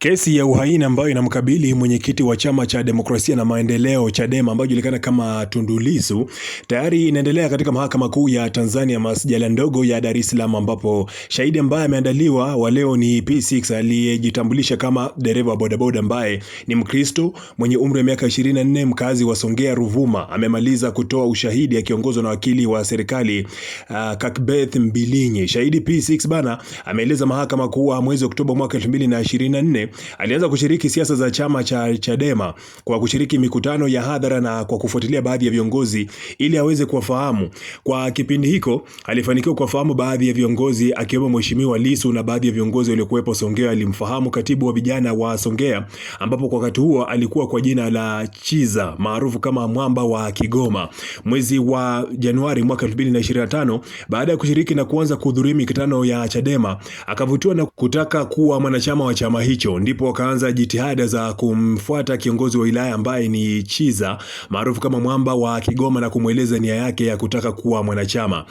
Kesi ya uhaini ambayo inamkabili mwenyekiti wa chama cha demokrasia na maendeleo Chadema ambayo julikana kama Tundu Lissu tayari inaendelea katika mahakama kuu ya Tanzania masjala ndogo ya Dar es Salaam, ambapo shahidi ambaye ameandaliwa wa leo ni P6 aliyejitambulisha kama dereva bodaboda ambaye ni Mkristo mwenye umri wa miaka 24 mkazi wa Songea Ruvuma, amemaliza kutoa ushahidi akiongozwa na wakili wa serikali uh, Kakbeth Mbilinyi. Shahidi P6 bana ameeleza mahakama kuwa mwezi Oktoba mwaka 2024 alianza kushiriki siasa za chama cha Chadema kwa kushiriki mikutano ya hadhara na kwa kufuatilia baadhi ya viongozi ili aweze kuwafahamu. Kwa kipindi hiko alifanikiwa kuwafahamu baadhi ya viongozi akiwemo Mheshimiwa lisu na baadhi ya viongozi waliokuwepo Songea. Alimfahamu katibu wa vijana wa Songea, ambapo kwa wakati huo alikuwa kwa jina la Chiza maarufu kama Mwamba wa Kigoma. Mwezi wa Januari mwaka 2025 baada ya kushiriki na kuanza kuhudhuria mikutano ya Chadema akavutiwa na kutaka kuwa mwanachama wa chama hicho ndipo wakaanza jitihada za kumfuata kiongozi wa wilaya ambaye ni Chiza maarufu kama Mwamba wa Kigoma na kumweleza nia yake ya kutaka kuwa mwanachama.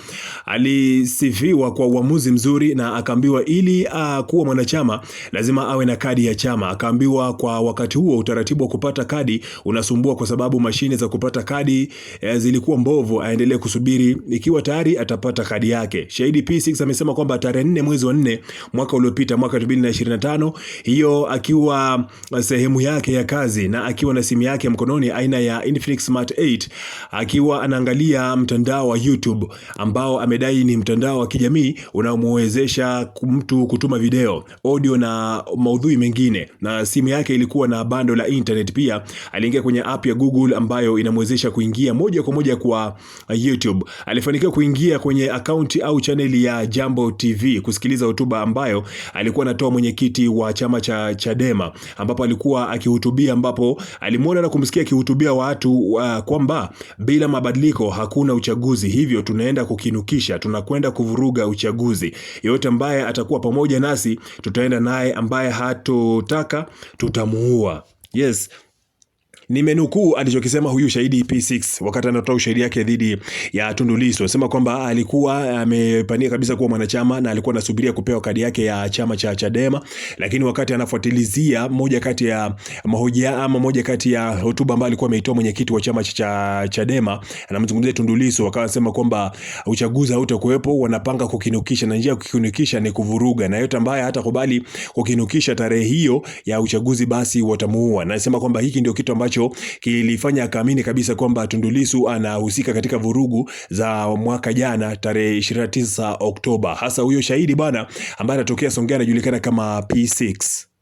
Alisifiwa kwa uamuzi mzuri na akaambiwa ili a, kuwa mwanachama lazima awe na kadi ya chama. Akaambiwa kwa wakati huo utaratibu wa kupata kadi unasumbua kwa sababu mashine za kupata kadi e, zilikuwa mbovu, aendelee kusubiri ikiwa tayari atapata kadi yake. Shahidi P6 amesema kwamba tarehe 4 mwezi wa 4 mwaka uliopita mwaka 2025 hiyo akiwa sehemu yake ya kazi na akiwa na simu yake mkononi aina ya Infinix Smart 8 akiwa anaangalia mtandao wa YouTube ambao amedai ni mtandao wa kijamii unaomwezesha mtu kutuma video, audio na maudhui mengine, na simu yake ilikuwa na bando la internet. Pia aliingia kwenye app ya Google ambayo inamwezesha kuingia moja kwa moja kwa YouTube. Alifanikiwa kuingia kwenye akaunti au chaneli ya Jambo TV kusikiliza hotuba ambayo alikuwa anatoa mwenyekiti wa chama cha Chadema ambapo alikuwa akihutubia, ambapo alimwona na kumsikia akihutubia watu uh, kwamba bila mabadiliko hakuna uchaguzi, hivyo tunaenda kukinukisha, tunakwenda kuvuruga uchaguzi. Yeyote ambaye atakuwa pamoja nasi tutaenda naye, ambaye hatotaka tutamuua. Yes. Nimenukuu alichokisema huyu shahidi P6 wakati anatoa ushahidi yake dhidi ya Tundu Lissu, anasema kwamba alikuwa amepania kabisa kuwa mwanachama na alikuwa anasubiria kupewa kadi yake ya chama cha Chadema, lakini wakati anafuatilizia moja kati ya mahojia ama moja kati ya hotuba ambayo alikuwa ameitoa mwenyekiti wa chama cha Chadema, anamzungumzia Tundu Lissu, akawa anasema kwamba uchaguzi hautakuwepo, wanapanga kukinukisha na njia ya kukinukisha ni kuvuruga, na yote ambaye hatakubali kukinukisha tarehe hiyo ya uchaguzi basi watamuua, na anasema kwamba hiki ndio kitu ambacho ambacho kilifanya akaamini kabisa kwamba Tundu Lissu anahusika katika vurugu za mwaka jana tarehe 29 Oktoba. Hasa huyo shahidi bwana ambaye anatokea Songea anajulikana kama P6.